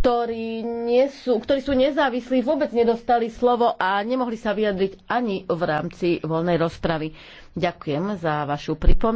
ktorí, nie sú, ktorí sú nezávislí, vôbec nedostali slovo a nemohli sa vyjadriť ani v rámci voľnej rozpravy. Ďakujem za vašu pripomienku.